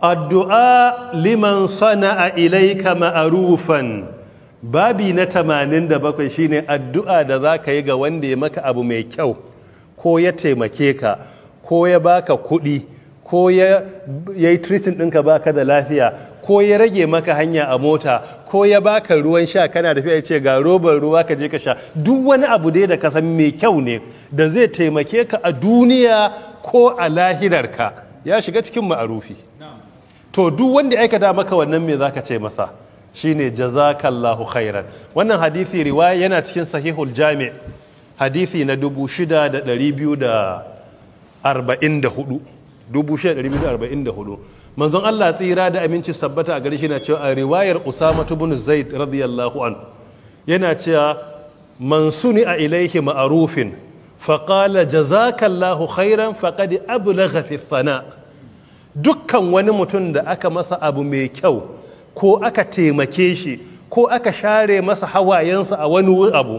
addu'a liman sana a ilaika ma'arufan babi na tamanin da bakwai shine addu'a da za ka yi ga wanda ya maka abu mai kyau ko ya taimake ka ko ya baka kuɗi ko ya yi tritin ɗinka baka da lafiya ko ya rage maka hanya a mota ko ya baka ruwan sha kana da ya ce ga robar ruwa ka je ka sha duk wani abu dai da ka san mai kyau ne da zai taimake ka a duniya ko a lahirarka ya shiga cikin ma'arufi to duk wanda ya aikata maka wannan me zaka ce masa shine jazakallahu khairan wannan hadisi riwaya yana cikin sahihul jami' hadisi na 6244 6244 manzon Allah tsira da aminci sabbata a garin shi na cewa a riwayar Usama ibn Zaid radiyallahu an yana cewa man suni a ilaihi ma'arufin faqala jazakallahu khairan faqad ablagha fi sana' dukkan wani mutum da aka masa abu mai kyau ko aka taimake shi ko aka share masa hawayensa a wani abu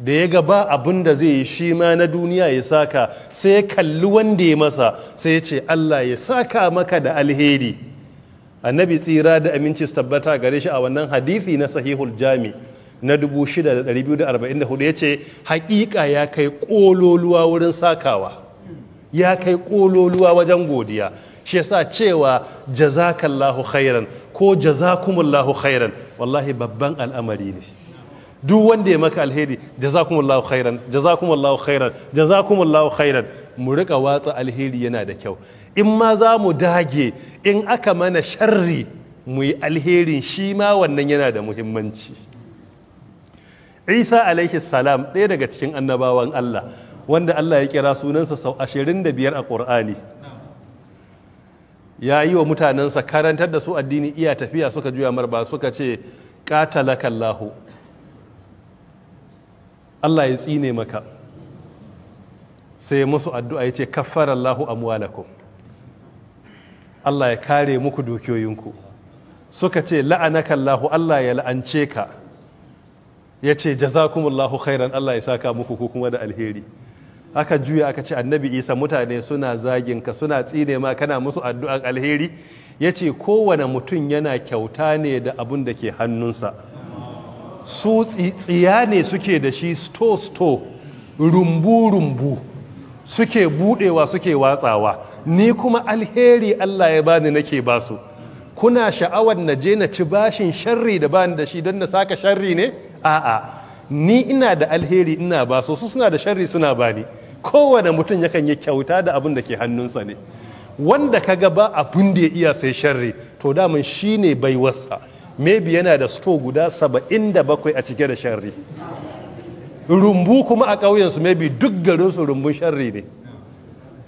da ya ga ba abin da zai yi shi ma na duniya ya saka sai ya kalli wanda ya masa sai ya ce Allah ya saka maka da alheri annabi tsira da aminci su tabbata gare shi a wannan hadithi na sahihul jami na 6244 ya ce haƙiƙa ya kai ƙololuwa wurin sakawa ya kai ƙololuwa wajen godiya shi yasa cewa jazakallahu khairan ko jazakumullahu khairan wallahi babban al'amari ne duk wanda ya maka alheri jazakumullahu khairan jazakumullahu khairan jazakumullahu khairan mu rika watsa alheri yana da kyau in ma za mu dage in aka mana sharri mu yi alherin shi ma wannan yana da muhimmanci isa alaihi salam ɗaya daga cikin annabawan allah wanda allah ya kira sunansa sau 25 a ƙur'ani ya yi wa mutanensa karantar da su addini iya tafiya suka juya marba suka ce katalakallahu Allah ya tsine maka sai musu addu'a ya ce kaffarallahu amwalakum Allah ya kare muku dukiyoyinku suka ce lahu, Allah ya la'ance ka ya ce jazakumullahu khairan Allah ya saka muku ko kuma da alheri aka juya aka ce annabi isa mutane suna zagin ka suna tsine ma kana musu addu'ar alheri ya ce kowane mutum yana kyauta ne da abun da ke hannunsa su tsiya ne suke da shi sto-sto rumbu-rumbu suke budewa suke watsawa ni kuma alheri allah ya bani nake basu kuna sha'awar na je na ci bashin sharri da bani da shi don na saka sharri ne a'a ni ina da alheri ina ba su suna da sharri suna bani kowane mutum yakan yi kyauta da abin da ke hannunsa ne wanda ka gaba abin da ya iya sai sharri to damun shi ne bai baiwarsa maybe yana da sto guda saba'in da bakwai a cike da sharri rumbu kuma a ƙauyensu maybe duk garinsu rumbun sharri ne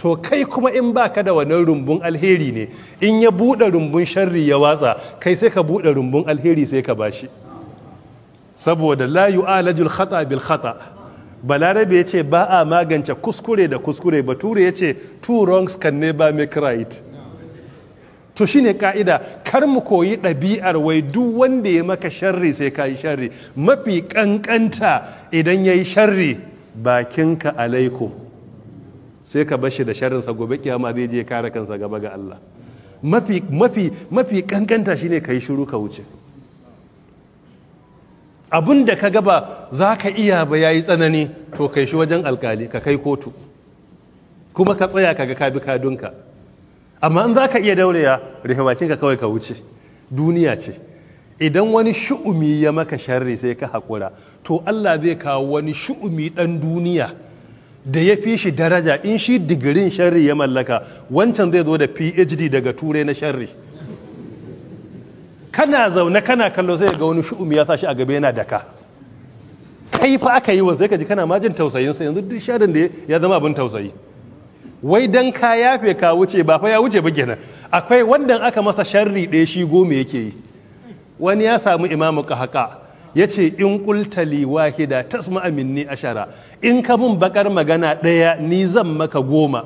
to kai kuma in ba ka da wannan rumbun alheri ne in ya buɗe rumbun sharri ya watsa kai sai ka buɗe rumbun alheri sai ka ba shi. saboda la yu'alajul khata bil khata balarabe ya ce ba a magance kuskure da kuskure bature ya ce two wrongs can never make right to shi ne ka'ida kar mu koyi ɗabi'ar wai duk wanda ya maka sharri sai ka yi sharri mafi ƙanƙanta idan ya yi sharri bakinka alaiku. sai ka bashi da sharrinsa gobe kiyama zai je kare kansa gaba ga Allah mafi ƙanƙanta shi ne ka yi shiru ka wuce abin da ka gaba za ka iya ba ya yi tsanani to kai shi wajen alkali ka kai kotu kuma ka tsaya ka ga ka bi kadunka amma in za ka iya daurewa rufe ka kawai ka wuce duniya ce idan wani shu'umi ya maka sharri sai ka haƙura to allah zai kawo wani shu'umi ɗan duniya da ya fi shi daraja in shi digirin sharri ya mallaka wancan zai zo da phd daga turai na sharri kana zaune kana kallo sai ga wani shu'umi ya sashi a gaba yana daka kai fa aka yi wa sai ka ji kana majin tausayin sa yanzu duk shadin da ya zama abin tausayi wai dan ka yafe ka wuce ba fa ya wuce ba kenan akwai wandan aka masa sharri ɗaya shi goma yake yi wani ya samu imamu kahaka yace ce in kultali wahida tasma minni ashara in ka mun bakar magana ɗaya ni zan maka goma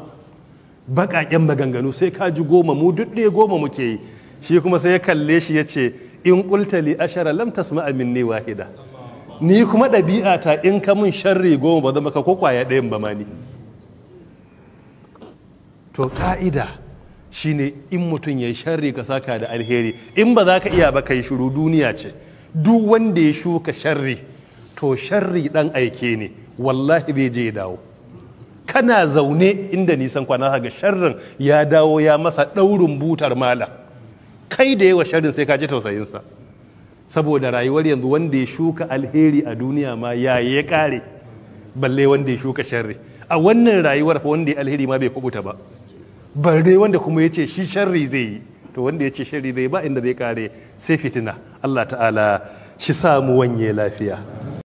baƙaƙen maganganu sai ka ji goma mu duk ɗaya goma muke yi shi kuma sai ya kalle shi ya ce in kultali ashara lam tasma'a minni wahida ni kuma ɗabi'a ta in ka mun sharri goma ba zama ka ko kwaya ɗayan ba ma ni to ka'ida shine in mutum ya sharri ka saka da alheri in ba za ka iya ba kai shiru duniya ce duk wanda ya shuka sharri to sharri ɗan aike ne wallahi bai je ya dawo kana zaune inda nisan kwana ga sharrin ya dawo ya masa ɗaurin butar malam kai da yawa sharin sai ka ji tausayinsa saboda rayuwar yanzu wanda ya shuka alheri a duniya ma ya ya kare balle wanda ya shuka sharri a wannan rayuwar fa wanda ya alheri ma bai kubuta ba balle wanda kuma ya ce shi sharri zai yi to wanda ya ce sharri zai ba inda zai kare sai fitina Allah ta'ala shi samu wanye lafiya